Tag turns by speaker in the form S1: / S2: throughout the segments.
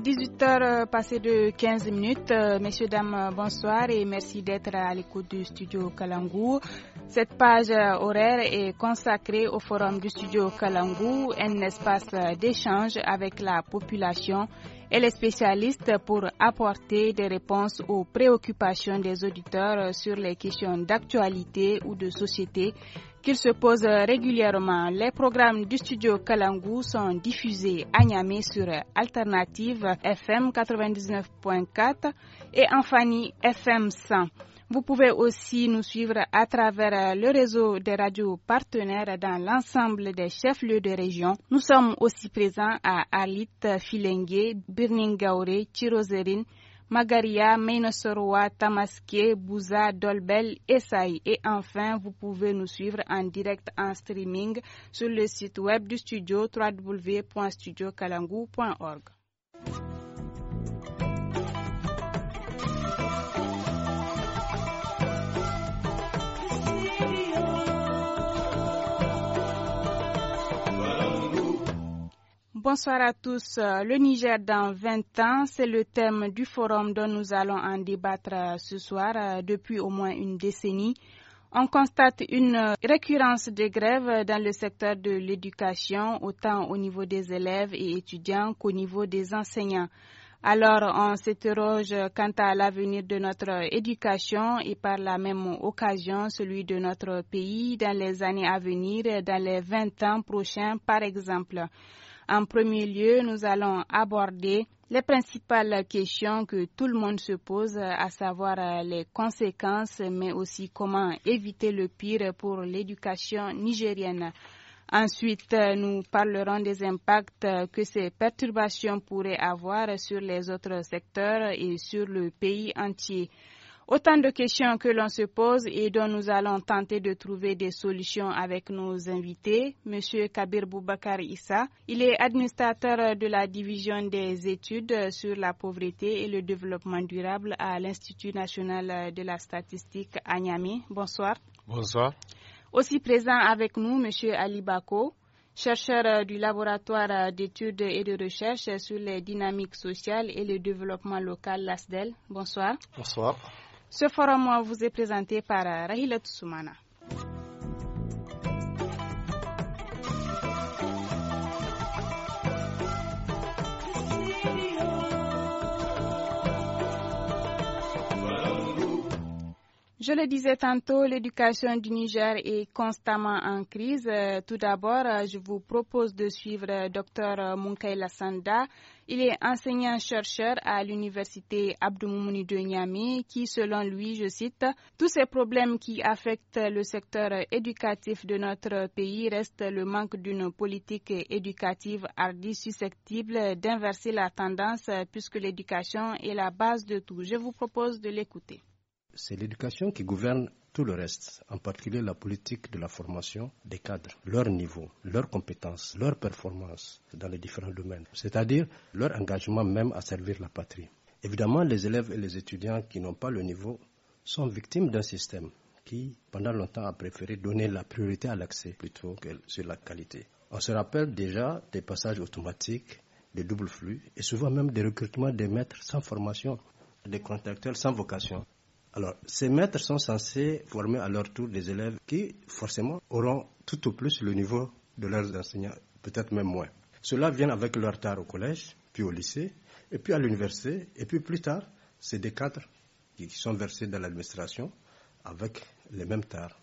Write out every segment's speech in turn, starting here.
S1: 18h euh, passé de 15 minutes. Euh, messieurs, dames, euh, bonsoir et merci d'être à l'écoute du studio Kalangou. Cette page horaire est consacrée au forum du studio Kalangou, un espace d'échange avec la population et les spécialistes pour apporter des réponses aux préoccupations des auditeurs sur les questions d'actualité ou de société qu'ils se posent euh, régulièrement. Les programmes du studio Kalangu sont diffusés à Niamey sur Alternative FM 99.4 et Enfani FM 100. Vous pouvez aussi nous suivre à travers euh, le réseau des radios partenaires dans l'ensemble des chefs-lieux de région. Nous sommes aussi présents à Alit, Filengue, Birningaure, Chirozérine, Magaria, Menosoroa, Tamaské, Bouza, Dolbel et Et enfin, vous pouvez nous suivre en direct en streaming sur le site web du studio www.studiokalangu.org Bonsoir à tous. Euh, le Niger dans 20 ans, c'est le thème du forum dont nous allons en débattre euh, ce soir euh, depuis au moins une décennie. On constate une récurrence de grèves dans le secteur de l'éducation, autant au niveau des élèves et étudiants qu'au niveau des enseignants. Alors, on s'interroge quant à l'avenir de notre éducation et par la même occasion celui de notre pays dans les années à venir, dans les 20 ans prochains, par exemple. En premier lieu, nous allons aborder les principales questions que tout le monde se pose, à savoir euh, les conséquences, mais aussi comment éviter le pire pour l'éducation nigérienne. Ensuite, euh, nous parlerons des impacts euh, que ces perturbations pourraient avoir sur les autres secteurs et sur le pays entier. Autant de questions que l'on se pose et dont nous allons tenter de trouver des solutions avec nos invités. Monsieur Kabir Boubakar Issa, il est administrateur de la division des études sur la pauvreté et le développement durable à l'Institut national de la statistique à Niamey. Bonsoir. Bonsoir. Aussi présent avec nous, Monsieur Ali Bako, chercheur du laboratoire d'études et de recherche sur les dynamiques sociales et le développement local, l'ASDEL. Bonsoir. Bonsoir. Ce forum vous est présenté par Rahila Toussoumana. Je le disais tantôt, l'éducation du Niger est constamment en crise. Euh, tout d'abord, euh, je vous propose de suivre euh, Dr Munkaila Lassanda. Il est enseignant-chercheur à l'université Abdoumouni de Niamey qui, selon lui, je cite, tous ces problèmes qui affectent le secteur éducatif de notre pays restent le manque d'une politique éducative hardie susceptible d'inverser la tendance puisque l'éducation est la base de tout. Je vous propose de l'écouter.
S2: C'est l'éducation qui gouverne tout le reste, en particulier la politique de la formation des cadres, leur niveau, leurs compétences, leurs performances dans les différents domaines, c'est-à-dire leur engagement même à servir la patrie. Évidemment, les élèves et les étudiants qui n'ont pas le niveau sont victimes d'un système qui, pendant longtemps, a préféré donner la priorité à l'accès plutôt que sur la qualité. On se rappelle déjà des passages automatiques, des doubles flux et souvent même des recrutements des maîtres sans formation, des contacteurs sans vocation. Alors, ces maîtres sont censés former à leur tour des élèves qui, forcément, auront tout au plus le niveau de leurs enseignants, peut-être même moins. Cela vient avec leur tard au collège, puis au lycée, et puis à l'université, et puis plus tard, c'est des cadres qui sont versés dans l'administration avec les mêmes tards.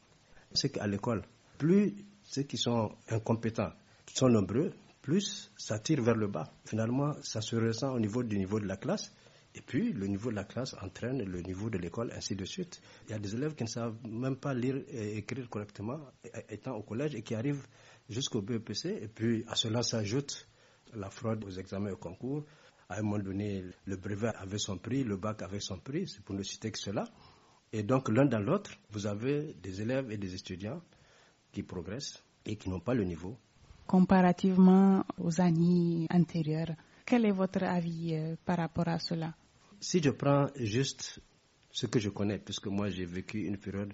S2: C'est qu'à l'école, plus ceux qui sont incompétents sont nombreux, plus ça tire vers le bas. Finalement, ça se ressent au niveau du niveau de la classe, et puis, le niveau de la classe entraîne le niveau de l'école, ainsi de suite. Il y a des élèves qui ne savent même pas lire et écrire correctement étant au collège et qui arrivent jusqu'au BEPC. Et puis, à cela s'ajoute la fraude aux examens et aux concours. À un moment donné, le brevet avait son prix, le bac avait son prix, c'est pour ne citer que cela. Et donc, l'un dans l'autre, vous avez des élèves et des étudiants qui progressent et qui n'ont pas le niveau.
S1: Comparativement aux années antérieures, quel est votre avis euh, par rapport à cela
S2: si je prends juste ce que je connais, puisque moi j'ai vécu une période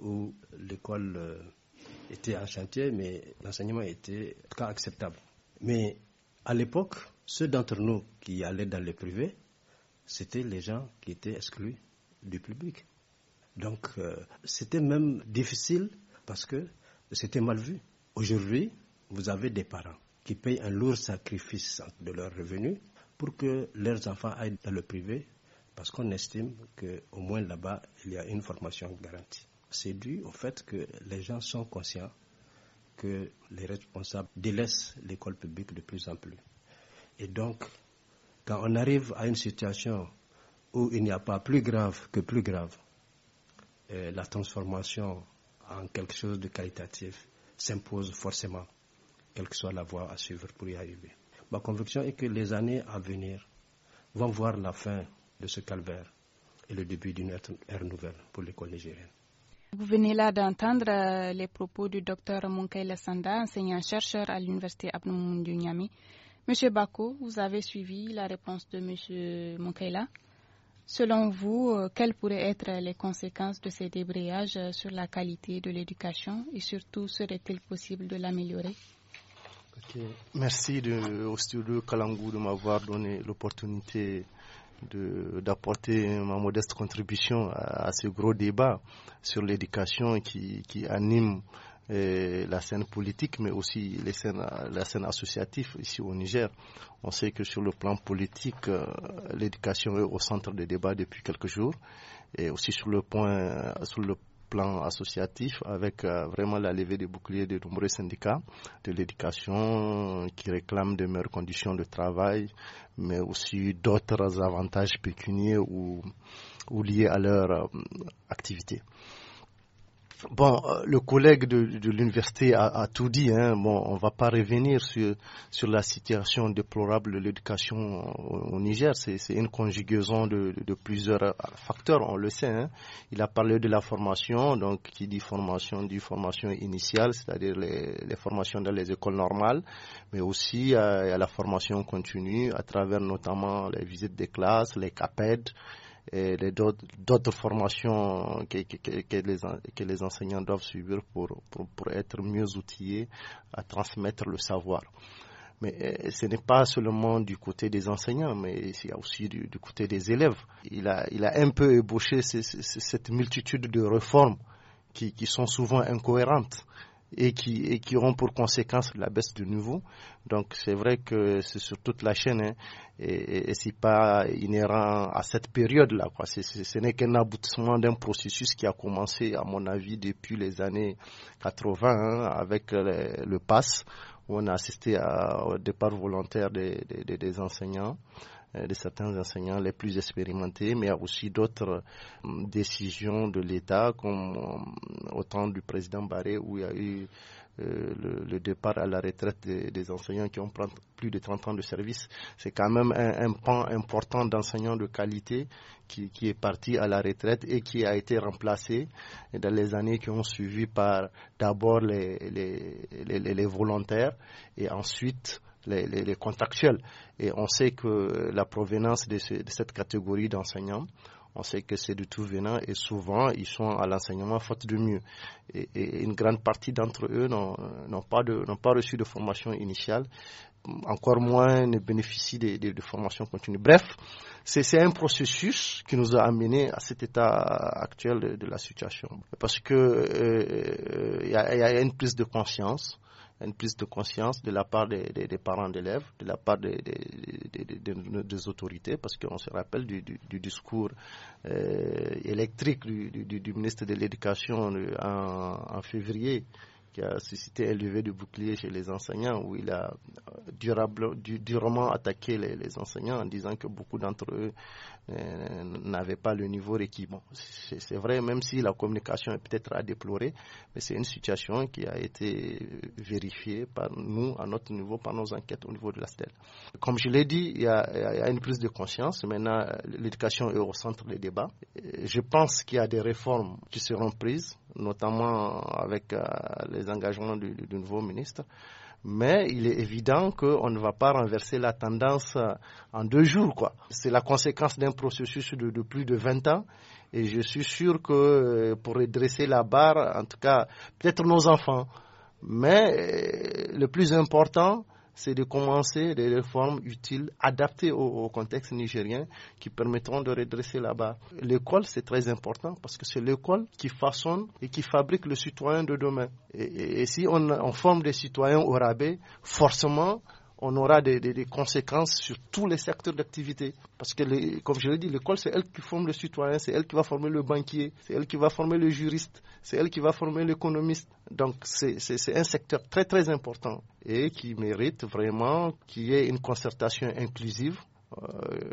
S2: où l'école euh, était en chantier, mais l'enseignement était en tout cas acceptable. Mais à l'époque, ceux d'entre nous qui allaient dans le privé, c'était les gens qui étaient exclus du public. Donc euh, c'était même difficile parce que c'était mal vu. Aujourd'hui, vous avez des parents qui payent un lourd sacrifice de leurs revenus pour que leurs enfants aillent dans le privé, parce qu'on estime qu'au moins là-bas, il y a une formation garantie. C'est dû au fait que les gens sont conscients que les responsables délaissent l'école publique de plus en plus. Et donc, quand on arrive à une situation où il n'y a pas plus grave que plus grave, euh, la transformation en quelque chose de qualitatif s'impose forcément, quelle que soit la voie à suivre pour y arriver. Ma conviction est que les années à venir vont voir la fin de ce calvaire et le début d'une ère nouvelle pour l'école nigérienne.
S1: Vous venez là d'entendre euh, les propos du docteur Munkaila Sanda, enseignant-chercheur à l'université du Niamey. Monsieur Bako, vous avez suivi la réponse de Monsieur Munkaila. Selon vous, euh, quelles pourraient être les conséquences de ces débrayages sur la qualité de l'éducation et surtout serait-il possible de l'améliorer
S3: Merci de, au studio Kalangou de m'avoir donné l'opportunité d'apporter ma modeste contribution à, ce gros débat sur l'éducation qui, qui, anime eh, la scène politique, mais aussi les scènes, la scène associative ici au Niger. On sait que sur le plan politique, euh, l'éducation est au centre des débats depuis quelques jours, et aussi sur le point, sur le plan associatif avec euh, vraiment la levée des boucliers de nombreux syndicats de l'éducation euh, qui réclament de meilleures conditions de travail, mais aussi d'autres avantages pécuniaires ou, liés à leur euh, activité. Bon, euh, le collègue de, l'université a, tout dit. Hein. Bon, on ne va pas revenir sur, la situation déplorable de l'éducation au, Niger. C'est une conjugaison de, plusieurs facteurs, on le sait. Hein. Il a parlé de la formation, donc qui dit formation, dit formation initiale, c'est-à-dire les, formations dans les écoles normales, mais aussi à, euh, la formation continue à travers notamment les visites des classes, les CAPED, et d'autres formations que, les, enseignants doivent suivre pour, être mieux outillés à transmettre le savoir. Mais eh, ce n'est pas seulement du côté des enseignants, mais il y a aussi du, côté des élèves. Il a, un peu ébauché cette multitude de réformes qui sont souvent incohérentes et qui, et qui pour conséquence la baisse de niveau. Donc c'est vrai que c'est sur toute la chaîne hein, et, et, c'est pas inhérent à cette période-là. Quoi. C'est, ce n'est qu'un aboutissement d'un processus qui a commencé, à mon avis, depuis les années 80 hein, avec le, PASS où on a assisté à, au départ volontaire des, des enseignants. Euh, de certains enseignants les plus expérimentés, mais il y a aussi d'autres hum, décisions de l'État, comme hum, au temps du président Barré, où il y a eu euh, le, départ à la retraite des, enseignants qui ont plus de 30 ans de service. C'est quand même un, un pan important d'enseignants de qualité qui, qui, est parti à la retraite et qui a été remplacé dans les années qui ont suivi par d'abord les, les, les volontaires et ensuite les, les, les, contractuels. Et on sait que la provenance de, cette catégorie d'enseignants, on sait que c'est du tout venant et souvent ils sont à l'enseignement faute de mieux. Et, une grande partie d'entre eux n'ont pas, de, pas reçu de formation initiale, encore moins ne bénéficient de, formation continue. Bref, c'est un processus qui nous a amené à cet état actuel de, la situation. Parce que euh, euh, il y, a, y a une prise de conscience une prise de conscience de la part des, parents d'élèves, de la part des, autorités, parce qu'on se rappelle du, discours euh, électrique du, ministre de l'Éducation euh, en février qui a suscité un lever de bouclier chez les enseignants, où il a euh, durable, durement attaqué les, les, enseignants en disant que beaucoup d'entre eux euh, n'avaient pas le niveau requis. c'est vrai, même si la communication est peut-être à déplorer, mais c'est une situation qui a été euh, vérifiée par nous, à notre niveau, par nos enquêtes au niveau de la STEL. Comme je l'ai dit, il y, a, une prise de conscience. Maintenant, l'éducation est au centre des débats. Je pense qu'il y a des réformes qui seront prises, notamment avec les les engagements du, nouveau ministre. Mais il est évident qu'on ne va pas renverser la tendance en deux jours. C'est la conséquence d'un processus de, de, plus de 20 ans. Et je suis sûr que euh, pour redresser la barre, en tout cas, peut-être nos enfants. Mais euh, le plus important, c'est de commencer des réformes utiles, adaptées au, contexte nigérien, qui permettront de redresser la barre. L'école, c'est très important parce que c'est l'école qui façonne et qui fabrique le citoyen de demain. Et, si on, on forme des citoyens au rabais, forcément, on aura des, conséquences sur tous les secteurs d'activité. Parce que, comme je l'ai dit, l'école, c'est elle qui forme le citoyen, c'est elle qui va former le banquier, c'est elle qui va former le juriste, c'est elle qui va former l'économiste. Donc, c'est un secteur très, très important et qui mérite vraiment qu'il y ait une concertation inclusive euh,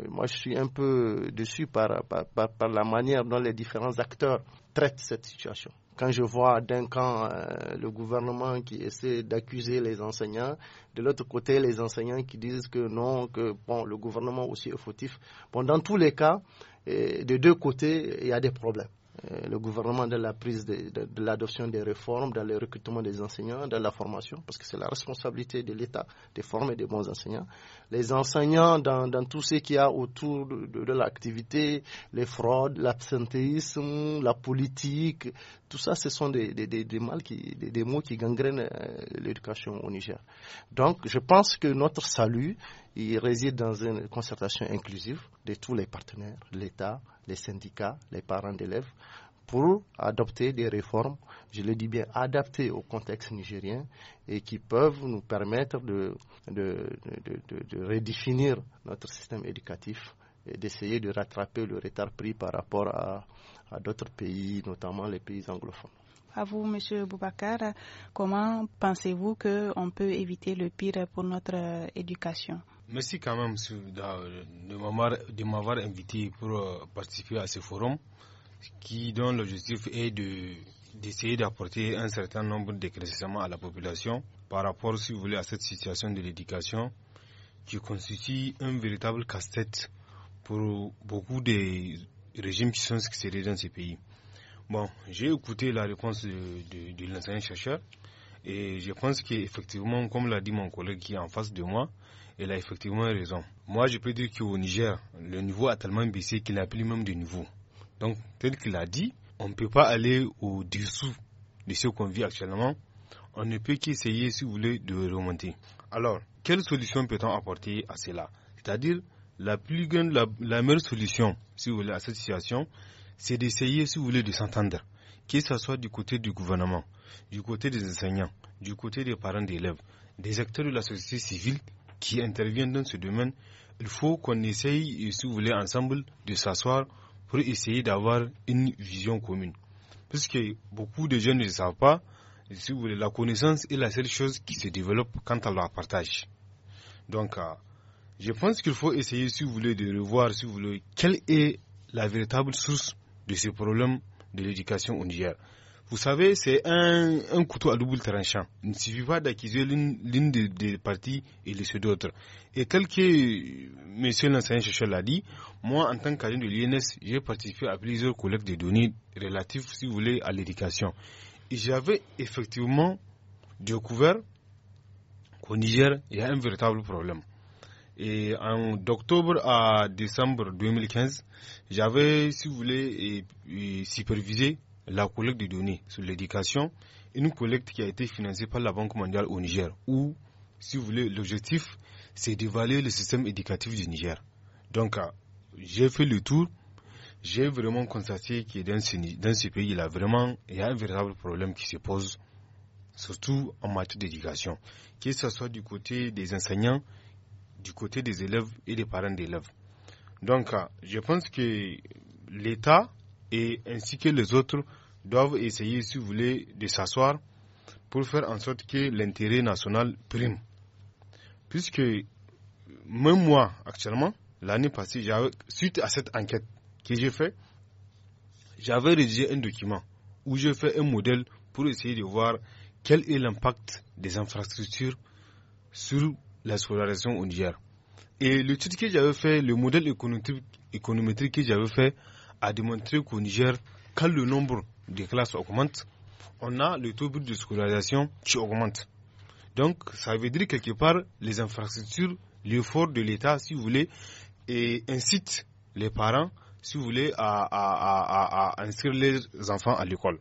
S3: moi, je suis un peu déçu par, la manière dont les différents acteurs traitent cette situation. Quand je vois d'un camp euh, le gouvernement qui essaie d'accuser les enseignants, de l'autre côté les enseignants qui disent que non, que bon, le gouvernement aussi est fautif. Bon, dans tous les cas, de deux côtés, il y a des problèmes euh, le gouvernement dans la prise de, de, l'adoption des réformes, dans le recrutement des enseignants, dans la formation, parce que c'est la responsabilité de l'État de former des bons enseignants. Les enseignants dans, dans tout ce qu'il y a autour de, de l'activité, les fraudes, l'absentéisme, la politique, tout ça, ce sont des, qui, des, mots qui gangrènent euh, l'éducation au Niger. Donc, je pense que notre salut, il réside dans une concertation inclusive de tous les partenaires, l'État, les syndicats, les parents d'élèves, pour adopter des réformes, je le dis bien, adaptées au contexte nigérien et qui peuvent nous permettre de redéfinir notre système éducatif et d'essayer de rattraper le retard pris par rapport à, à d'autres pays, notamment les pays anglophones.
S1: À vous, M. Boubacar, comment pensez-vous qu'on peut éviter le pire pour notre euh, éducation
S4: Merci quand même de m'avoir invité pour euh, participer à ce forum qui dont l'objectif est d'essayer d'apporter un certain nombre d'éclaircissements à la population par rapport, si vous voulez, à cette situation de l'éducation qui constitue un véritable casse-tête pour beaucoup des régimes qui sont succédés dans ces pays. Bon, j'ai écouté la réponse de, l'enseignant chercheur et je pense qu'effectivement, comme l'a dit mon collègue qui est en face de moi, il a effectivement raison. Moi, je peux dire qu'au Niger, le niveau a tellement baissé qu'il n'a plus même de niveau. Donc, tel qu'il a dit, on ne peut pas aller au-dessous de ce qu'on vit actuellement. On ne peut qu'essayer, si vous voulez, de remonter. Alors, quelle solution peut-on apporter à cela C'est-à-dire, la plus la, meilleure solution, si vous voulez, à cette situation, c'est d'essayer, si vous voulez, de s'entendre. Que ce soit du côté du gouvernement, du côté des enseignants, du côté des parents d'élèves, des acteurs de la société civile qui interviennent dans ce domaine, il faut qu'on essaye, si vous voulez, ensemble, de s'asseoir pour essayer d'avoir une vision commune. Parce que beaucoup de jeunes ne le savent pas, si vous voulez, la connaissance est la seule chose qui se développe quand à leur partage. Donc, euh, je pense qu'il faut essayer, si vous voulez, de revoir, si vous voulez, quelle est la véritable source de ce problème de l'éducation au Niger. Vous savez, c'est un, couteau à double tranchant. Il ne suffit pas d'accuser l'une des, parties et laisser d'autres. Et tel que M. l'enseignant-chercheur l'a dit, moi, en tant qu'agent de l'INS, j'ai participé à plusieurs collectes de données relatives, si vous voulez, à l'éducation. Et j'avais effectivement découvert qu'au Niger, il y a un véritable problème. Et en d'octobre à décembre 2015, j'avais, si vous voulez, supervisé la collecte de données sur l'éducation, une collecte qui a été financée par la Banque mondiale au Niger, où, si vous voulez, l'objectif, c'est d'évaluer le système éducatif du Niger. Donc, ah, j'ai fait le tour, j'ai vraiment constaté que dans ce, dans ce pays, il, a vraiment, il y a un véritable problème qui se pose, surtout en matière d'éducation, que ce soit du côté des enseignants, du côté des élèves et des parents d'élèves. Donc, euh, je pense que l'État et ainsi que les autres doivent essayer, si vous voulez, de s'asseoir pour faire en sorte que l'intérêt national prime. Puisque, même moi, actuellement, l'année passée, suite à cette enquête que j'ai faite, j'avais rédigé un document où j'ai fait un modèle pour essayer de voir quel est l'impact des infrastructures sur la scolarisation au Niger. Et l'étude que j'avais fait, le modèle économétrique, que j'avais fait, a démontré qu'au Niger, quand le nombre de classes augmente, on a le taux brut de scolarisation qui augmente. Donc, ça veut dire quelque part, les infrastructures, l'effort de l'État, si vous voulez, et incite les parents, si vous voulez, à, à inscrire les enfants à l'école.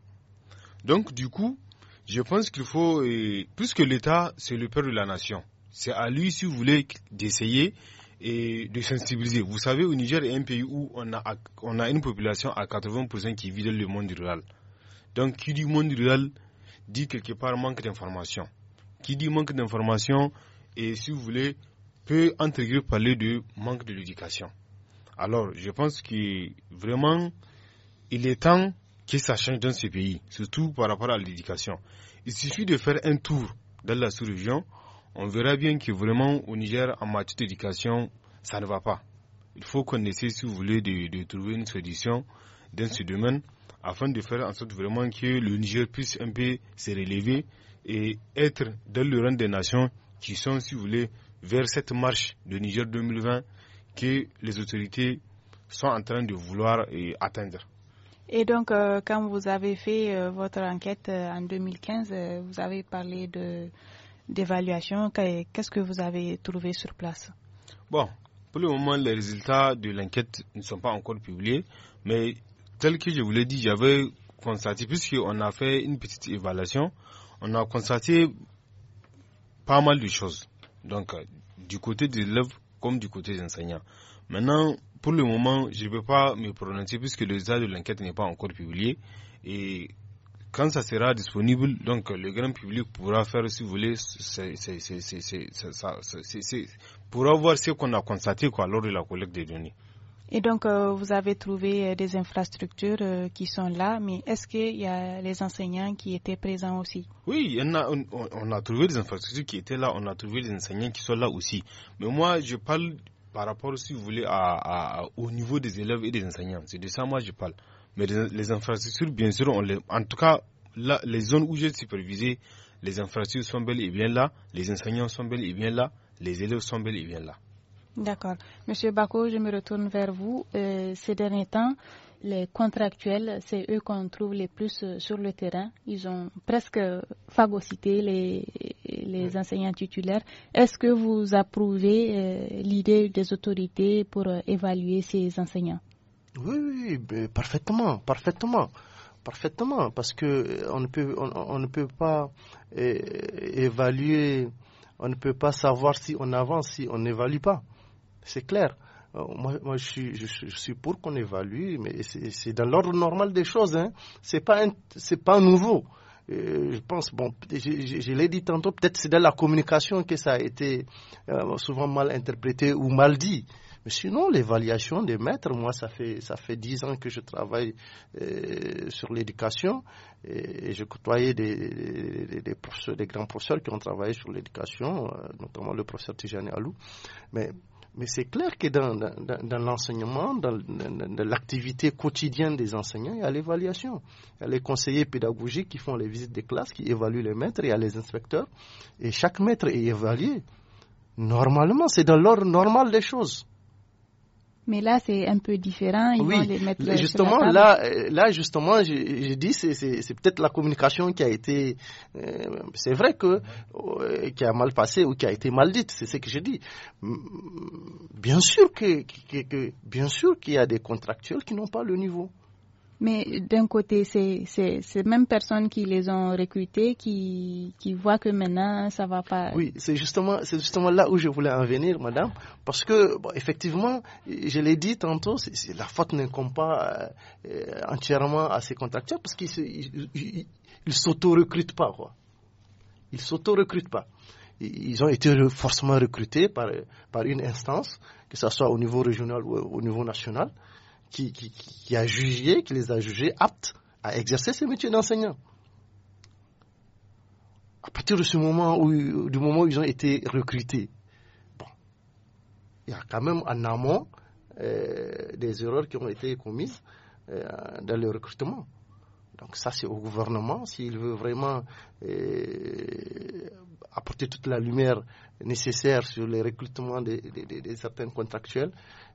S4: Donc, du coup, je pense qu'il faut, puisque l'État, c'est le père de la nation, c'est à lui, si vous voulez, d'essayer et de sensibiliser. Vous savez, au Niger est un pays où on a, on a une population à 80% qui vit dans le monde rural. Donc, qui dit monde rural dit quelque part manque d'informations. Qui dit manque d'informations, et si vous voulez, peut entre guillemets parler de manque de l'éducation. Alors, je pense que vraiment, il est temps que ça change dans ce pays, surtout par rapport à l'éducation. Il suffit de faire un tour dans la sous-région on verra bien que vraiment au Niger, en matière d'éducation, ça ne va pas. Il faut qu'on essaie, si vous voulez, de, trouver une solution dans ce domaine afin de faire en sorte vraiment que le Niger puisse un peu se relever et être dans le rang des nations qui sont, si vous voulez, vers cette marche de Niger 2020 que les autorités sont en train de vouloir atteindre.
S1: Et donc, euh, quand vous avez fait euh, votre enquête euh, en 2015, vous avez parlé de d'évaluation. Qu'est-ce que vous avez trouvé sur place
S4: Bon, pour le moment, les résultats de l'enquête ne sont pas encore publiés, mais tel que je vous l'ai dit, j'avais constaté, puisqu'on a fait une petite évaluation, on a constaté pas mal de choses, donc euh, du côté des élèves comme du côté des enseignants. Maintenant, pour le moment, je ne peux pas me prononcer puisque le résultat de l'enquête n'est pas encore publié et quand ça sera disponible, donc le grand public pourra faire, si vous voulez, pourra voir ce qu'on a constaté lors de la collecte des données.
S1: Et donc, euh, vous avez trouvé euh, des infrastructures euh, qui sont là, mais est-ce qu'il y a les enseignants qui étaient présents aussi
S4: Oui, on a, trouvé des infrastructures qui étaient là, on a trouvé des enseignants qui sont là aussi. Mais moi, je parle par rapport, si vous voulez, au niveau des élèves et des enseignants. C'est de ça, moi, je parle. Mais les, infrastructures, bien sûr, en tout cas, les zones où j'ai supervisé, les infrastructures sont belles et bien là, les enseignants sont belles et bien là, les élèves sont belles et bien là.
S1: D'accord. Monsieur Bako, je me retourne vers vous. Euh, ces derniers temps, les contractuels, c'est eux qu'on trouve les plus euh, sur le terrain. Ils ont presque phagocyté les, enseignants titulaires. Est-ce que vous approuvez euh, l'idée des autorités pour évaluer ces enseignants
S3: oui, parfaitement, parfaitement, parfaitement, parce que euh, on ne peut, on, ne peut pas évaluer, on ne peut pas savoir si on avance, si on n'évalue pas. C'est clair. Euh, moi, moi je, suis, pour qu'on évalue, mais c'est dans l'ordre normal des choses. Hein. C'est pas, c'est pas nouveau. Euh, je pense, bon, je, l'ai dit tantôt, peut-être c'est dans la communication que ça a été souvent mal interprété ou mal dit. Mais sinon, l'évaluation des maîtres, moi, ça fait ça fait dix ans que je travaille euh, sur l'éducation et, je côtoyais des, des, des, des grands professeurs qui ont travaillé sur l'éducation, euh, notamment le professeur Tijani Alou. Mais mais c'est clair que dans, l'enseignement, dans, dans l'activité quotidienne des enseignants, il y a l'évaluation. Il y a les conseillers pédagogiques qui font les visites des classes, qui évaluent les maîtres, il y a les inspecteurs. Et chaque maître est évalué. Normalement, c'est dans l'ordre normal des choses.
S1: Mais là, c'est un peu différent. il oui, les mettre justement, là,
S3: euh, là, justement, je, dit, c'est peut-être la communication qui a été, euh, c'est vrai que, euh, qui a mal passé ou qui a été mal dite, c'est ce que je dis. Bien sûr que bien sûr qu'il y a des contractuels qui n'ont pas le
S1: niveau. Mais d'un côté, c'est ces mêmes personnes qui les ont recrutées qui, voient que maintenant, ça va pas.
S3: Oui, c'est justement, c'est justement là où je voulais en venir, madame. Parce que, effectivement, je l'ai dit tantôt, la faute n'incombe pas euh, entièrement à ces contracteurs parce qu'ils ne s'auto-recrutent pas, quoi. Ils s'auto-recrutent pas ils ont été forcément recrutés par une instance, que ce soit au niveau régional ou au niveau national qui, a jugé, qui les a jugés aptes à exercer ce métier d'enseignant. À partir de ce moment où, du moment où ils ont été recrutés, il y a quand même en amont euh, des erreurs qui ont été commises euh, dans le recrutement. Donc ça, c'est au gouvernement, s'il veut vraiment euh, apporter toute la lumière nécessaire sur le recrutement des certains contractuels,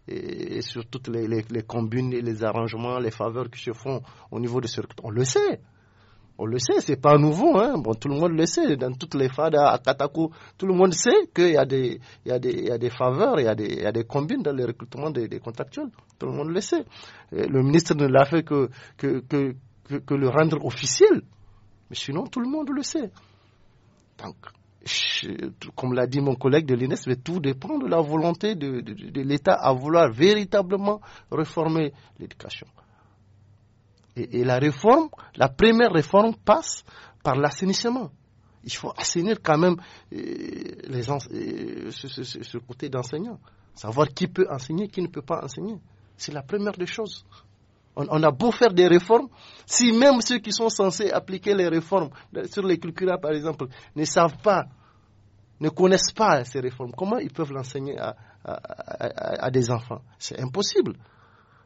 S3: et sur toutes les, combines, les les arrangements, les faveurs qui se font au niveau de ce On le sait. On le sait, c'est pas nouveau, hein. Bon, tout le monde le sait. Dans toutes les fadas à Katakou, tout le monde sait qu'il y a des, il y a des, y a des faveurs, il y a des, il y a des combines dans le recrutement des, des, contractuels. Tout le monde le sait. le ministre ne l'a fait que que, que, que, le rendre officiel. Mais sinon, tout le monde le sait. Donc, comme l'a dit mon collègue de l'INES, tout dépend de la volonté de, l'État à vouloir véritablement réformer l'éducation. Et, la réforme, la première réforme passe par l'assainissement. Il faut assainir quand même euh, euh, ce, côté d'enseignant. Savoir qui peut enseigner, qui ne peut pas enseigner. C'est la première des choses. On, on, a beau faire des réformes, si même ceux qui sont censés appliquer les réformes euh, sur les curricula, par exemple, ne savent pas ne connaissent pas ces réformes. Comment ils peuvent l'enseigner à, des enfants C'est impossible.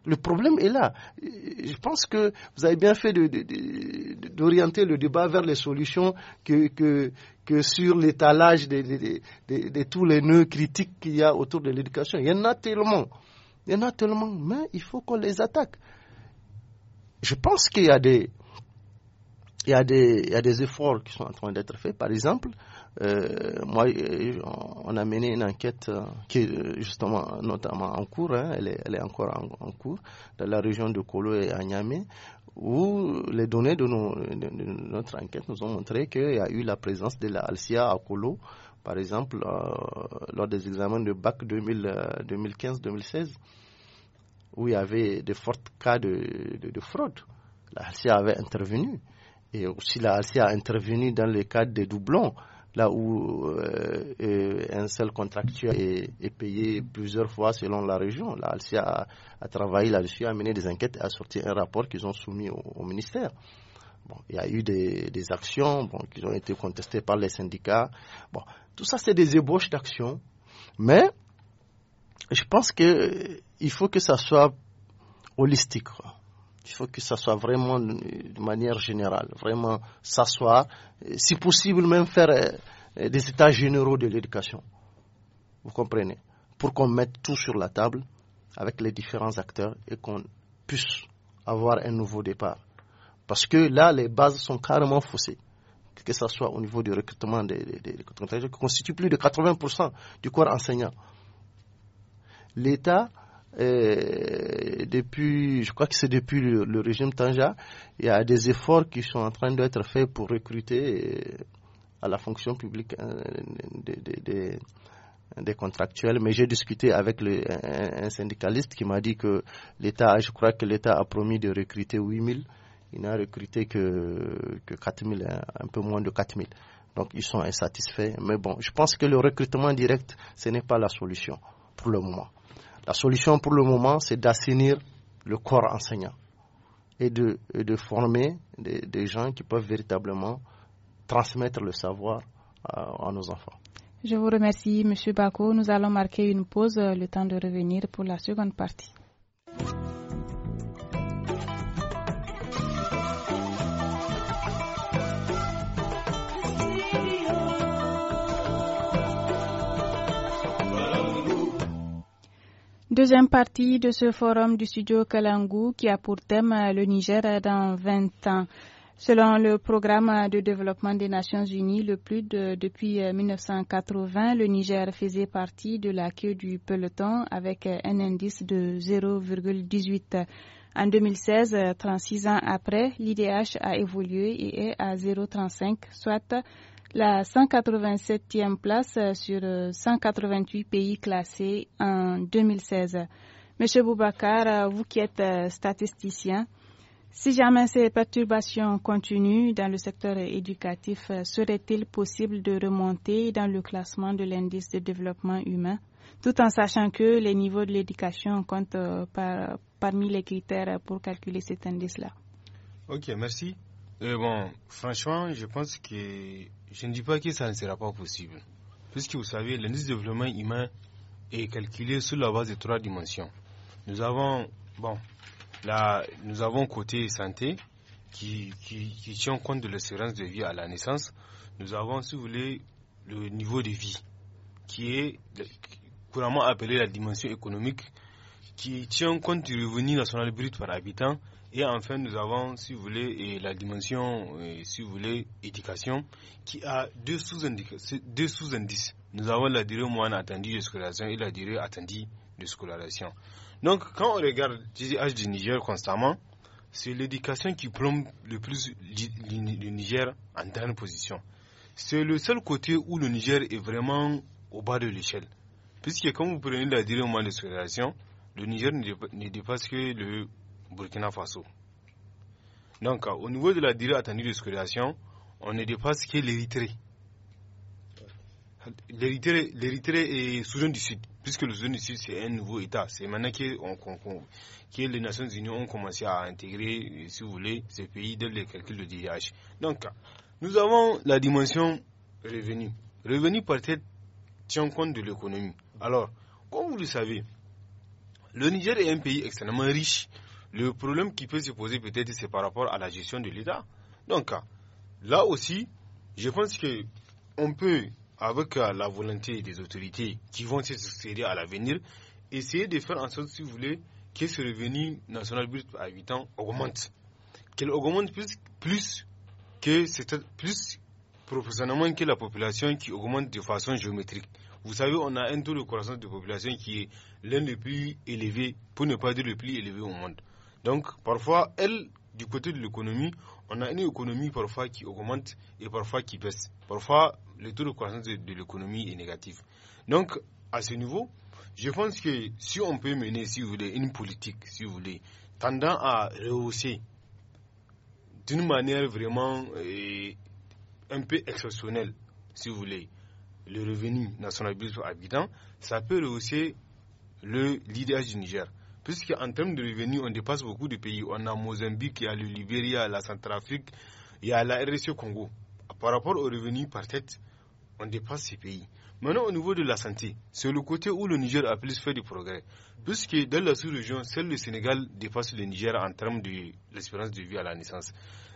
S3: Le problème est là. Je pense que vous avez bien fait d'orienter le débat vers les solutions que, que, que sur l'étalage de, tous les nœuds critiques qu'il y a autour de l'éducation. Il y en a tellement. Il y en a tellement, mais il faut qu'on les attaque. Je pense qu'il des, y a des efforts qui sont en train d'être faits. Par exemple, euh, moi, euh, on a mené une enquête euh, qui est justement notamment en cours, hein. elle, est, encore en, cours, dans la région de Kolo et Anyame, où les données de, notre enquête nous ont montré qu'il y a eu la présence de la Alcia à Kolo, par exemple, lors des examens de bac 2015-2016, où il y avait de forts cas de, fraude. La Alcia avait intervenu. Et aussi, la Alcia a intervenu dans le cadre des doublons là où euh, un seul contractuel est, payé plusieurs fois selon la région. Là, Alcia a, travaillé là-dessus, a mené des enquêtes et a sorti un rapport qu'ils ont soumis au, ministère. il y a eu des, actions qui ont été contestées par les syndicats. tout ça, c'est des ébauches d'actions. Mais je pense qu'il faut que ça soit holistique il faut que ça soit vraiment euh, de manière générale, vraiment s'asseoir, euh, si possible même faire euh, des états généraux de l'éducation. Vous comprenez Pour qu'on mette tout sur la table avec les différents acteurs et qu'on puisse avoir un nouveau départ. Parce que là, les bases sont carrément faussées. Que ce soit au niveau du recrutement des, des, qui constitue plus de 80% du corps enseignant. L'État et euh, depuis, je crois que c'est depuis le, régime Tanja, il y a des efforts qui sont en train d'être faits pour recruter euh, à la fonction publique euh, des, contractuels. Mais j'ai discuté avec un, syndicaliste qui m'a dit que l'État, je crois que l'État a promis de recruter 8000. Il n'a recruté que, que 4000, hein, un peu moins de 4000. Donc ils sont insatisfaits. Mais bon, je pense que le recrutement direct, ce n'est pas la solution pour le moment. La solution pour le moment, c'est d'assainir le corps enseignant et de, former des, gens qui peuvent véritablement transmettre le savoir à, à nos enfants.
S1: Je vous remercie, M. Bako. Nous allons marquer une pause, euh, le temps de revenir pour la seconde partie. deuxième partie de ce forum du studio Kalangu qui a pour thème euh, le Niger dans 20 ans. Selon le programme de développement des Nations Unies, le plus de, depuis 1980, euh, le Niger faisait partie de la queue du peloton avec euh, un indice de 0,18. En 2016, 36 ans après, l'IDH a évolué et est à 0,35, soit la 187e place euh, sur 188 euh, pays classés en 2016. Monsieur Boubacar, euh, vous qui êtes statisticien, si jamais ces perturbations continuent dans le secteur éducatif, serait-il possible de remonter dans le classement de l'indice de développement humain, tout en sachant que les niveaux de l'éducation comptent parmi les critères pour calculer cet indice-là
S4: Ok, merci. bon, franchement, je pense que je ne dis pas que ça ne sera pas possible. Puisque vous savez, l'indice de développement humain est calculé sur la base de trois dimensions. Nous avons, bon, là, nous avons côté santé qui, tient compte de l'assurance de vie à la naissance. Nous avons, si vous voulez, le niveau de vie qui est couramment appelé la dimension économique qui tient compte du revenu national brut par habitant et enfin, nous avons, si vous voulez, la dimension, si vous voulez, éducation, qui a deux sous-indices. Deux sous -indices. Nous avons la durée moyenne attendue de scolarisation et la durée attendue de scolarisation. Donc, quand on regarde GDH du Niger constamment, c'est l'éducation qui plombe le plus le Niger en dernière position. C'est le seul côté où le Niger est vraiment au bas de l'échelle. Puisque quand vous prenez la durée moyenne de scolarisation, le Niger ne dépasse que le Burkina Faso. Donc, euh, au niveau de la durée attendue de scolarisation, on ne dépasse que l'Érythrée. L'Érythrée est Soudan du Sud, puisque le du Sud, c'est un nouveau État. C'est maintenant que, que, les Nations Unies ont commencé à intégrer, euh, si vous voulez, ces pays dans les calculs de DIH. Donc, nous avons la dimension revenu. Revenu par tête tient compte de l'économie. Alors, comme vous le savez, le Niger est un pays extrêmement riche le problème qui peut se poser peut-être, c'est par rapport à la gestion de l'État. Donc, là aussi, je pense que on peut, avec euh, la volonté des autorités qui vont se succéder à l'avenir, essayer de faire en sorte, si vous voulez, que ce revenu national brut à 8 ans augmente. Qu'elle augmente plus, plus que c'est plus proportionnellement que la population qui augmente de façon géométrique. Vous savez, on a un taux de croissance de population qui est l'un des plus élevés, pour ne pas dire le plus élevé au monde. Donc parfois, elle, du côté de l'économie, on a une économie parfois qui augmente et parfois qui baisse. Parfois, le taux de croissance de, l'économie est négatif. Donc, à ce niveau, je pense que si on peut mener, si vous voulez, une politique, si vous voulez, tendant à rehausser d'une manière vraiment euh, un peu exceptionnelle, si vous voulez, le revenu national brut habitant, ça peut rehausser le du Niger puisque en termes de revenus, on dépasse beaucoup de pays. On a Mozambique, il y a le Libéria, la Centrafrique, il y a la RSE Congo. Par rapport aux revenus par tête, on dépasse ces pays. Maintenant, au niveau de la santé, c'est le côté où le Niger a plus fait du progrès. Puisque dans la sous-région, seul le Sénégal dépasse le Niger en termes de l'espérance de vie à la naissance.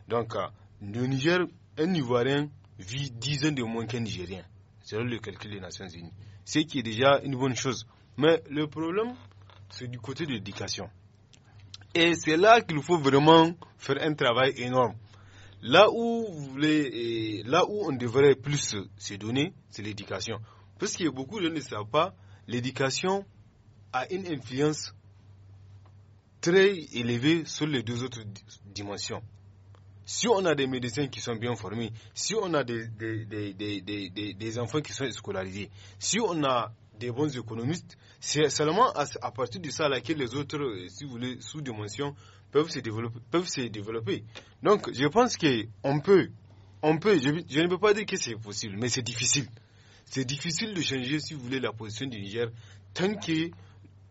S4: Donc, euh, le Niger, un Ivoirien vit 10 ans de moins qu'un Nigérien, selon le calcul des Nations Unies. Ce qui est déjà une bonne chose. Mais le problème, c'est du côté de l'éducation. Et c'est là qu'il faut vraiment faire un travail énorme. Là où, là où on devrait plus se donner, c'est l'éducation. Parce que beaucoup de gens ne savent pas, l'éducation a une influence très élevée sur les deux autres dimensions. Si on a des médecins qui sont bien formés, si on a des, des, des, des enfants qui sont scolarisés, si on a des bons économistes. C'est seulement à, partir de ça que les autres, euh, si vous voulez, sous-dimensions peuvent se développer. Peuvent se développer. Donc, je pense que on peut, on peut. Je, ne peux pas dire que c'est possible, mais c'est difficile. C'est difficile de changer, si vous voulez, la position du Niger tant que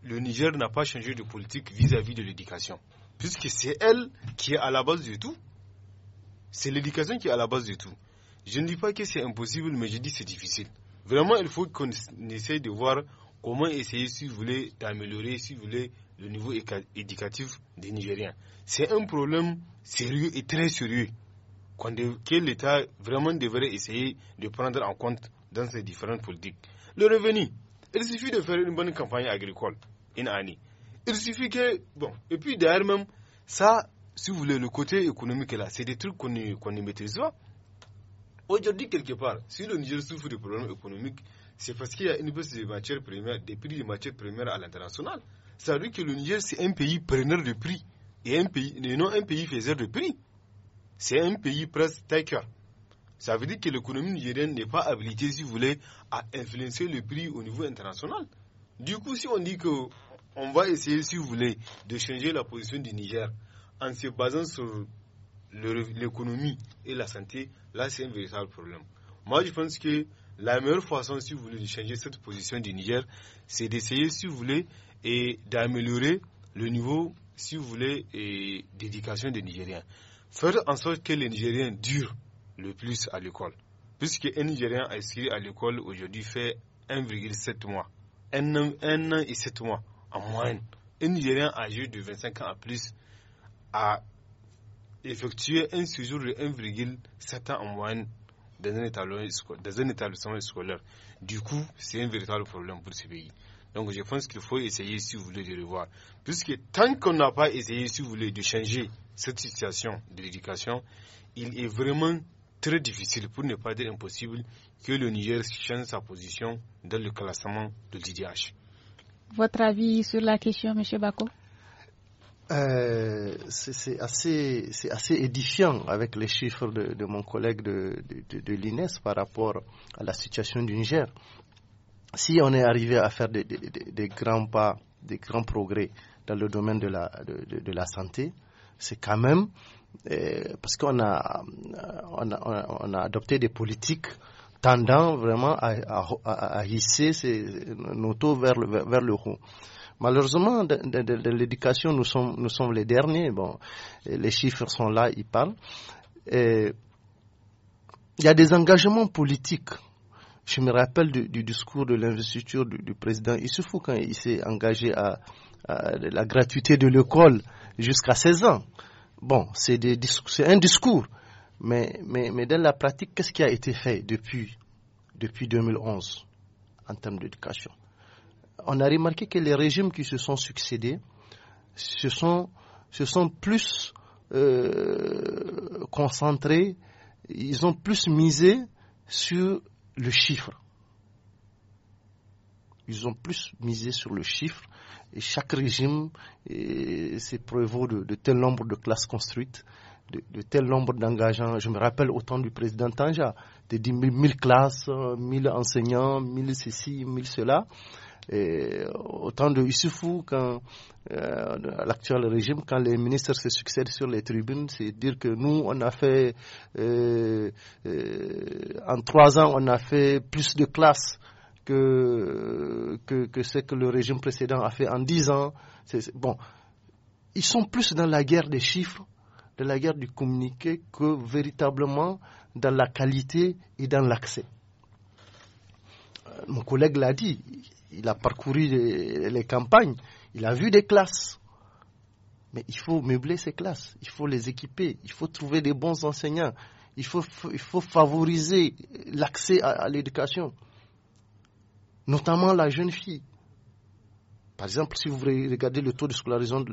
S4: le Niger n'a pas changé de politique vis-à-vis -vis de l'éducation, puisque c'est elle qui est à la base de tout. C'est l'éducation qui est à la base de tout. Je ne dis pas que c'est impossible, mais je dis c'est difficile. Vraiment, il faut qu'on essaie de voir comment essayer, si vous voulez, d'améliorer, si vous voulez, le niveau éducatif des Nigériens. C'est un problème sérieux et très sérieux que l'État vraiment devrait essayer de prendre en compte dans ses différentes politiques. Le revenu, il suffit de faire une bonne campagne agricole, une année. Il suffit que, bon, et puis derrière même, ça, si vous voulez, le côté économique là, c'est des trucs qu'on ne maîtrise pas. Aujourd'hui, quelque part, si le Niger souffre de problèmes économiques, c'est parce qu'il y a une baisse des matières premières, prix des matières premières à l'international. Ça veut dire que le Niger, c'est un pays preneur de prix et, un pays, non un pays faiseur de prix. C'est un pays presque taker. Ça veut dire que l'économie nigérienne n'est pas habilitée, si vous voulez, à influencer le prix au niveau international. Du coup, si on dit que on va essayer, si vous voulez, de changer la position du Niger en se basant sur l'économie et la santé, là, c'est un véritable problème. Moi, je pense que la meilleure façon, si vous voulez, de changer cette position du Niger, c'est d'essayer, si vous voulez, et d'améliorer le niveau, si vous voulez, d'éducation des Nigériens. Faire en sorte que les Nigériens durent le plus à l'école. Puisque un Nigérien inscrit à l'école aujourd'hui fait 1,7 mois. Un an, un an et 7 mois en moyenne. Un Nigérien âgé de 25 ans à plus a effectuer un séjour de 1,7 ans en moyenne dans un, établissement scolaire. Du coup, c'est un véritable problème pour ce pays. Donc je pense qu'il faut essayer, si vous voulez, de revoir. Puisque tant qu'on n'a pas essayé, si vous voulez, de changer cette situation de l'éducation, il est vraiment très difficile, pour ne pas dire impossible, que le Niger change sa position dans le classement de l'IDH.
S1: Votre avis sur la question, M. Bako
S3: euh, c'est assez, assez édifiant avec les chiffres de, de mon collègue de, de, de l'INES par rapport à la situation du Niger. Si on est arrivé à faire des, des, des grands pas, des grands progrès dans le domaine de la, la santé, c'est quand même euh, parce qu'on a on, a, on a, adopté des politiques tendant vraiment à, à, à hisser ces, nos taux vers le, vers le haut. Malheureusement, de, l'éducation, nous sommes, les derniers. Bon, les chiffres sont là, ils parlent. il y a des engagements politiques. Je me rappelle du, discours de l'investiture du, président Issoufou quand il s'est engagé à, la gratuité de l'école jusqu'à 16 ans. Bon, c'est un discours. Mais, dans la pratique, qu'est-ce qui a été fait depuis 2011 en termes d'éducation on a remarqué que les régimes qui se sont succédés se sont, se sont plus euh, concentrés, ils ont plus misé sur le chiffre. Ils ont plus misé sur le chiffre. Et chaque régime s'est prévaut de, tel nombre de classes construites, de, tel nombre d'engageants. Je me rappelle au temps du président Tanja, de 10 000 classes, 1000 euh, enseignants, 1000 ceci, 1000 cela. Et euh, autant de Issoufou, quand euh, l'actuel régime, quand les ministres se succèdent sur les tribunes, c'est dire que nous, on a fait, euh, euh, en trois ans, on a fait plus de classes que, que, que ce que le régime précédent a fait en dix ans. bon, ils sont plus dans la guerre des chiffres, de la guerre du communiqué, que véritablement dans la qualité et dans l'accès mon collègue l'a dit, il a parcouru les, campagnes, il a vu des classes. Mais il faut meubler ces classes, il faut les équiper, il faut trouver des bons enseignants, il faut, favoriser l'accès à, l'éducation, notamment la jeune fille. Par exemple, si vous regardez le taux de scolarisation de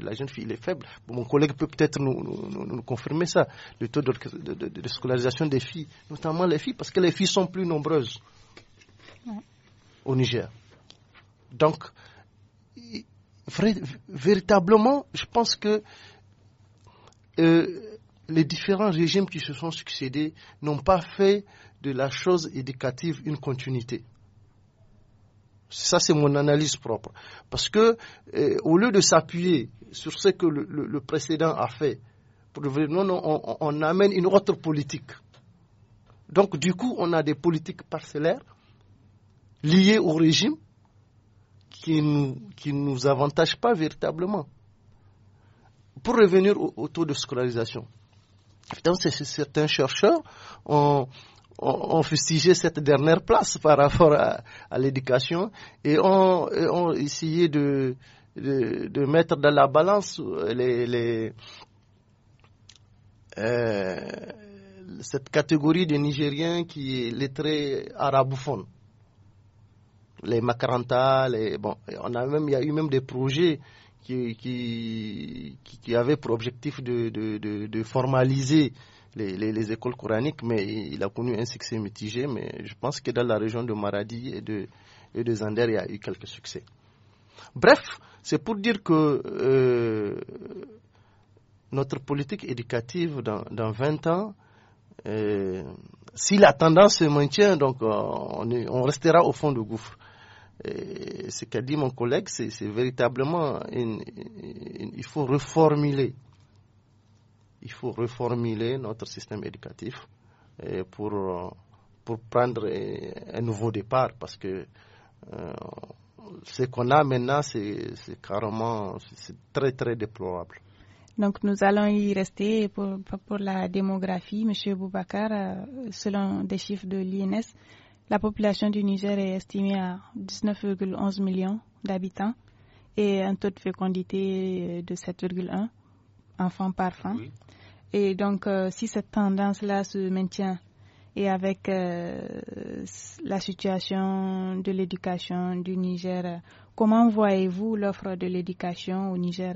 S3: la, jeune fille, il est faible. Mon collègue peut peut-être nous, confirmer ça, le taux de, scolarisation des filles, notamment les filles, parce que les filles sont plus nombreuses au Niger. Donc, véritablement, je pense que euh, les différents régimes qui se sont succédés n'ont pas fait de la chose éducative une continuité. Ça, c'est mon analyse propre. Parce que, euh, au lieu de s'appuyer sur ce que le, précédent a fait, pour non, on, on amène une autre politique. Donc, du coup, on a des politiques parcellaires, liés au régime qui ne nous, qui nous avantage pas véritablement. Pour revenir au, taux de scolarisation, certains chercheurs ont, fustigé cette dernière place par rapport à, l'éducation et ont, essayé de, de, mettre dans la balance euh, cette catégorie de Nigériens qui est très arabophone les Macaranta, on a même, il y a eu même des projets qui, avaient pour objectif de, formaliser les, écoles coraniques, mais il a connu un succès mitigé. Mais je pense que dans la région de Maradi et de, et Zander, il y a eu quelques succès. Bref, c'est pour dire que euh, notre politique éducative dans, dans 20 ans, euh, si la tendance se maintient, donc euh, on, on, restera au fond du gouffre ce qu'a dit mon collègue, c'est véritablement, il faut reformuler. Il faut reformuler notre système éducatif pour, pour prendre un nouveau départ parce que euh, ce qu'on a maintenant, c'est carrément, c'est très très déplorable.
S1: Donc nous allons y rester pour, pour la démographie. Monsieur Boubacar, euh, selon des chiffres de l'INS, la population du Niger est estimée à 19,11 millions d'habitants et un taux de fécondité euh, de 7,1 enfants par femme. Et donc, euh, si cette tendance-là se maintient et avec euh, la situation de l'éducation du Niger, comment voyez-vous l'offre de l'éducation au Niger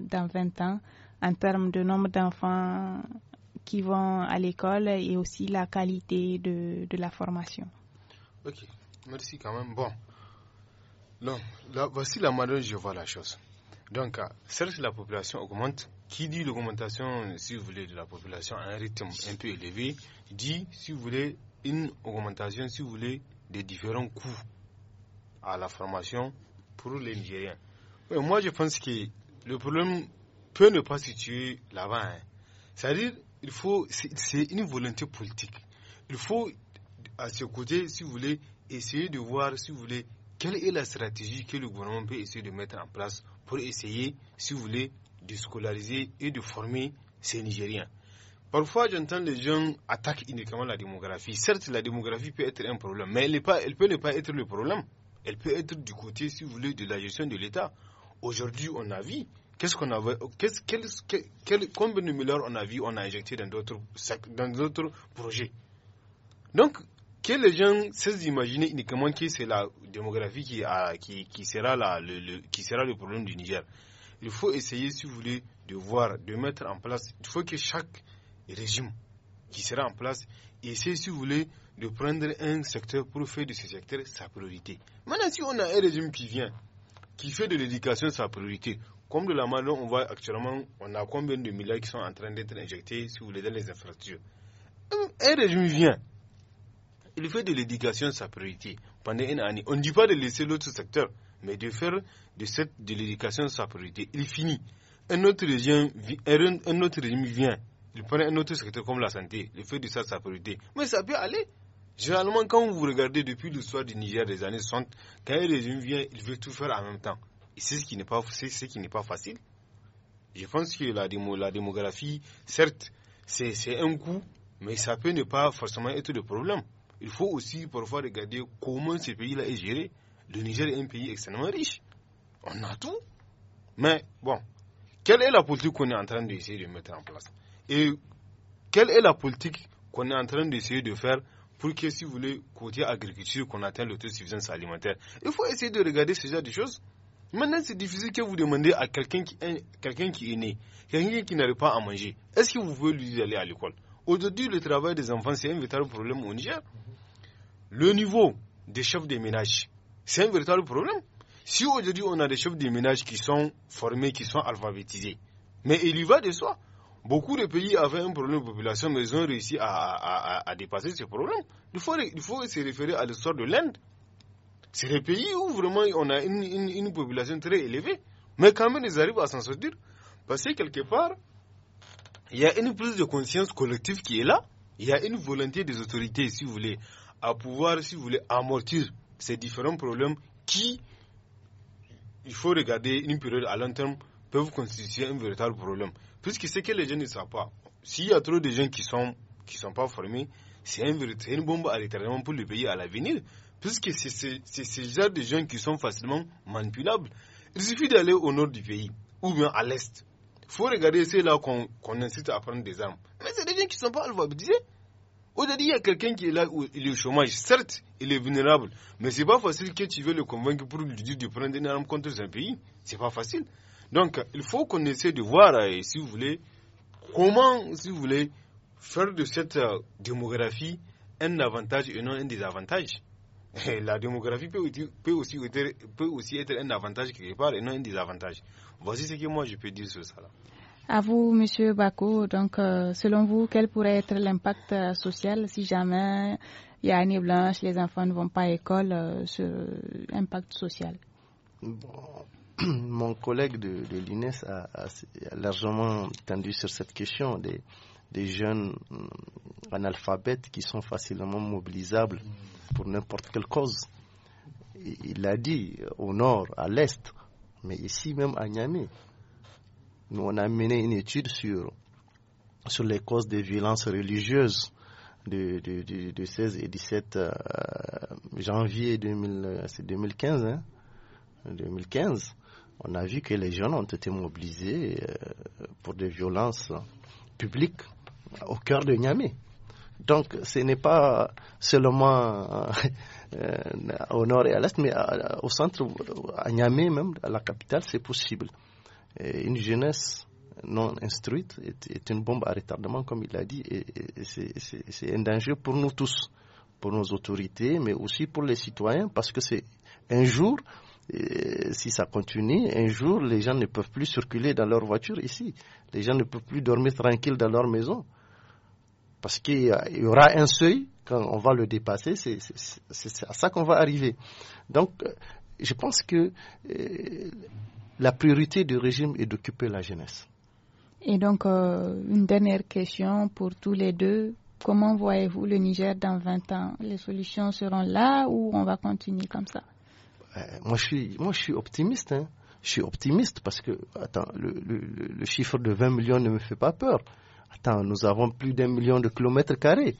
S1: dans 20 ans en termes de nombre d'enfants qui vont à l'école et aussi la qualité de, de, la formation.
S4: Ok, merci quand même. Bon, non, voici la manière dont je vois la chose. Donc, euh, certes, la population augmente. Qui dit l'augmentation, si vous voulez, de la population à un rythme un peu élevé, dit, si vous voulez, une augmentation, si vous voulez, des différents coûts à la formation pour les Nigériens. moi, je pense que le problème peut ne pas se situer là-bas. Hein. C'est-à-dire, il faut, c'est une volonté politique. Il faut, à ce côté, si vous voulez, essayer de voir, si vous voulez, quelle est la stratégie que le gouvernement peut essayer de mettre en place pour essayer, si vous voulez, de scolariser et de former ces Nigériens. Parfois, j'entends les gens attaquer uniquement la démographie. Certes, la démographie peut être un problème, mais elle, ne elle peut ne pas être le problème. Elle peut être du côté, si vous voulez, de la gestion de l'État. Aujourd'hui, on a vu Qu'est-ce qu'on a qu'est-ce, combien de milliards on a vu, on a injecté dans d'autres, dans d'autres projets. Donc, que les gens cessent d'imaginer uniquement que c'est la démographie qui, a, qui, qui, sera la, le, qui sera le problème du Niger. Il faut essayer, si vous voulez, de voir, de mettre en place. Il faut que chaque régime qui sera en place essaie, si vous voulez, de prendre un secteur pour faire de ce secteur sa priorité. Maintenant, si on a un régime qui vient, qui fait de l'éducation sa priorité, comme de la malle, on voit actuellement, on a combien de milliards qui sont en train d'être injectés, si vous voulez, dans les infrastructures. Un régime vient. Il fait de l'éducation sa priorité pendant une année. On ne dit pas de laisser l'autre secteur, mais de faire de, cette, de l'éducation sa priorité. Il finit. Un autre régime, un autre régime vient. Il prend un autre secteur comme la santé. Il fait de ça sa priorité. Mais ça peut aller. Généralement, quand vous regardez depuis l'histoire du Niger des années 60, quand un régime vient, il veut tout faire en même temps c'est ce qui n'est pas, ce qui n'est pas facile. Je pense que la, démographie, certes, c'est un coût, mais ça peut ne pas forcément être le problème. Il faut aussi parfois regarder comment ce pays-là est géré. Le Niger est un pays extrêmement riche. On a tout. Mais bon, quelle est la politique qu'on est en train d'essayer de mettre en place Et quelle est la politique qu'on est en train d'essayer de faire pour que, si vous voulez, côté agriculture, qu'on atteigne l'autosuffisance alimentaire Il faut essayer de regarder ce genre de choses. Maintenant, c'est difficile que vous demandez à quelqu'un qui, est né, quelqu'un qui n'arrive pas à manger, est-ce que vous pouvez lui dire d'aller à l'école Aujourd'hui, le travail des enfants, c'est un véritable problème au Niger. Le niveau des chefs de ménages, c'est un véritable problème. Si aujourd'hui, on a des chefs de ménages qui sont formés, qui sont alphabétisés, mais il y va de soi. Beaucoup de pays avaient un problème de population, mais ils ont réussi à, dépasser ce problème. Il faut, il faut se référer à l'histoire de l'Inde. C'est le pays où vraiment on a une, population très élevée. Mais quand même, ils arrivent à s'en sortir. Parce que quelque part, il y a une prise de conscience collective qui est là. Il y a une volonté des autorités, si vous voulez, à pouvoir, si vous voulez, amortir ces différents problèmes qui, il faut regarder une période à long terme, peuvent constituer un véritable problème. Puisque c'est que les gens ne savent pas. S'il y a trop de gens qui ne sont, pas formés, c'est une bombe à l'étranger pour le pays à l'avenir puisque c'est ce genre de gens qui sont facilement manipulables. Il suffit d'aller au nord du pays, ou bien à l'est. Il faut regarder ceux-là qu'on incite à prendre des armes. Mais c'est des gens qui ne sont pas alphabétisés. Aujourd'hui, il y a quelqu'un qui est là, où il est au chômage. Certes, il est vulnérable, mais c'est pas facile que tu veux le convaincre pour lui dire de prendre des arme contre un pays. C'est pas facile. Donc, il faut qu'on essaie de voir, euh, si vous voulez, comment, si vous voulez, faire de cette euh, démographie un avantage et non un désavantage. Eh, la démographie peut, aussi être, un avantage quelque part et non un désavantage. Voici ce que moi je peux dire sur ça. Là.
S1: À vous, Monsieur Bako. Donc, euh, selon vous, quel pourrait être l'impact euh, social si jamais il y a année blanche, les enfants ne vont pas à l'école, euh, ce impact social
S3: Mon collègue de, de a, largement tendu sur cette question des, jeunes hum, analphabètes qui sont facilement mobilisables. Mmh pour n'importe quelle cause. Il l'a dit au nord, à l'est, mais ici même à Niamey. Nous, on a mené une étude sur, sur les causes des violences religieuses de, 16 et 17 euh, janvier 2015. 2015 hein, on a vu que les jeunes ont été mobilisés euh, pour des violences publiques au cœur de Niamey. Donc, ce n'est pas seulement euh, euh, au nord et à l'est, mais euh, au centre, à Niamey même, à la capitale, c'est possible. une jeunesse non instruite est, une bombe à retardement, comme il l'a dit, et, c'est un danger pour nous tous, pour nos autorités, mais aussi pour les citoyens, parce que c'est un jour, si ça continue, un jour, les gens ne peuvent plus circuler dans leur voiture ici. Les gens ne peuvent plus dormir tranquille dans leur maison. Parce qu'il y, aura un seuil, quand on va le dépasser, c'est à ça qu'on va arriver. Donc, euh, je pense que euh, la priorité du régime est d'occuper la jeunesse.
S1: Et donc, euh, une dernière question pour tous les deux. Comment voyez-vous le Niger dans 20 ans Les solutions seront là ou on va continuer comme ça
S3: moi, je suis, moi, je suis optimiste. Hein. Je suis optimiste parce que, attends, le, le, chiffre de 20 millions ne me fait pas peur. Attends, nous avons plus d'un million de kilomètres carrés.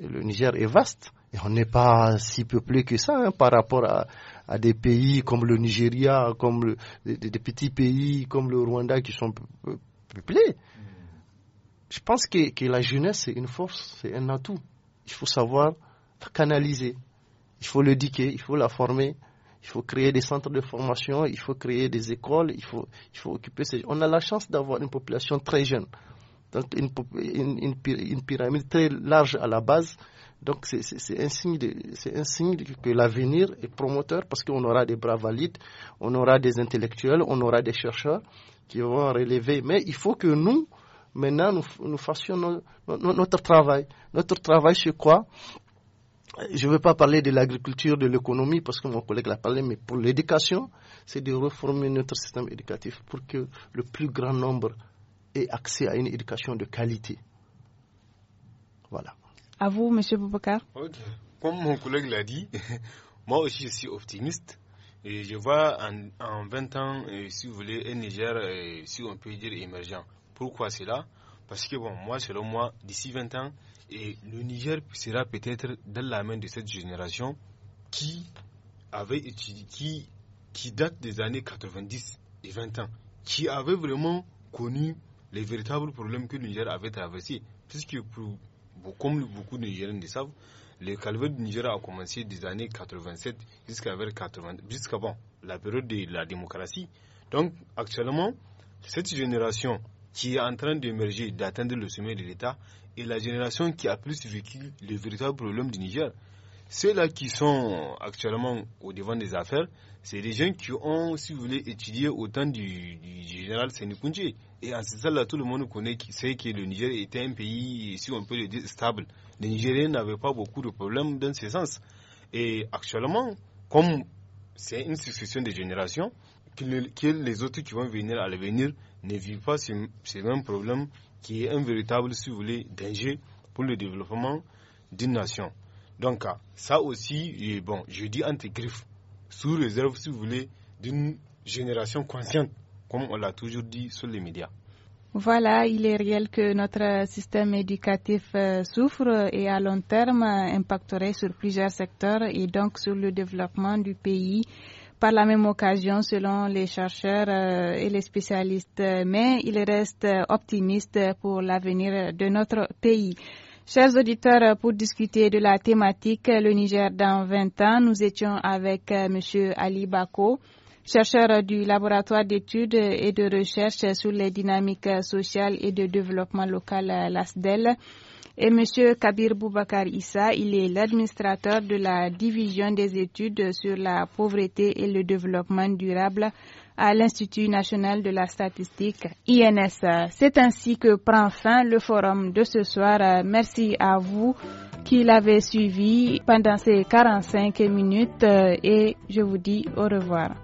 S3: Le Niger est vaste. Et on n'est pas si peuplé que ça hein, par rapport à, des pays comme le Nigeria, comme des, petits pays comme le Rwanda qui sont peuplés. Je pense que, la jeunesse, c'est une force, c'est un atout. Il faut savoir canaliser. Il faut l'éduquer, il faut la former. Il faut créer des centres de formation, il faut créer des écoles, il faut, occuper ces... On a la chance d'avoir une population très jeune. Donc une, pyramide très large à la base. Donc c'est un, signe un signe que l'avenir est promoteur parce qu'on aura des bras valides, on aura des intellectuels, on aura des chercheurs qui vont relever. Mais il faut que nous, maintenant, nous, fassions notre travail. Notre travail, c'est quoi je ne veux pas parler de l'agriculture, de l'économie, parce que mon collègue l'a parlé, mais pour l'éducation, c'est de reformer notre système éducatif pour que le plus grand nombre et accès à une éducation de qualité. Voilà.
S1: À vous, monsieur Boubacar.
S3: Comme mon collègue l'a dit, moi aussi je suis optimiste.
S4: Et je vois en, 20 ans, euh, si vous voulez, un Niger, euh, si on peut dire, émergent. Pourquoi cela Parce que, bon, moi, selon moi, d'ici 20 ans, et le Niger sera peut-être dans la main de cette génération qui avait étudié, qui, qui date des années 90 et 20 ans, qui avait vraiment connu les véritables problèmes que le Niger avait traversés, puisque comme beaucoup de Nigériens le savent, le calvaire du Niger a commencé des années 87 jusqu'à jusqu'avant la période de la démocratie. Donc actuellement, cette génération qui est en train d'émerger, d'atteindre le sommet de l'État, est la génération qui a plus vécu les véritables problèmes du Niger. Ceux-là qui sont actuellement au devant des affaires, c'est des gens qui ont, si vous voulez, étudié au temps du, du général Sénikoundji. Et en ce sens là tout le monde connaît, sait que le Niger était un pays, si on peut le dire, stable. Les Nigériens n'avaient pas beaucoup de problèmes dans ce sens. Et actuellement, comme c'est une succession de générations, que les autres qui vont venir à l'avenir ne vivent pas ce, ce même problème qui est un véritable, si vous voulez, danger pour le développement d'une nation. Donc, euh, ça aussi, bon, je dis entre griffes, sous réserve, si vous voulez, d'une génération consciente, comme on l'a toujours dit sur les médias.
S1: Voilà, il est réel que notre système éducatif euh, souffre et à long terme euh, impacterait sur plusieurs secteurs et donc sur le développement du pays par la même occasion selon les chercheurs et les spécialistes, mais il reste optimiste pour l'avenir de notre pays. Chers auditeurs, pour discuter de la thématique Le Niger dans 20 ans, nous étions avec euh, M. Ali Bako, chercheur du laboratoire d'études et de recherche sur les dynamiques sociales et de développement local, à euh, l'ASDEL, et M. Kabir Boubakar Issa, il est l'administrateur de la division des études sur la pauvreté et le développement durable à l'Institut national de la statistique INS. C'est ainsi que prend fin le forum de ce soir. Merci à vous qui l'avez suivi pendant ces 45 minutes et je vous dis au revoir.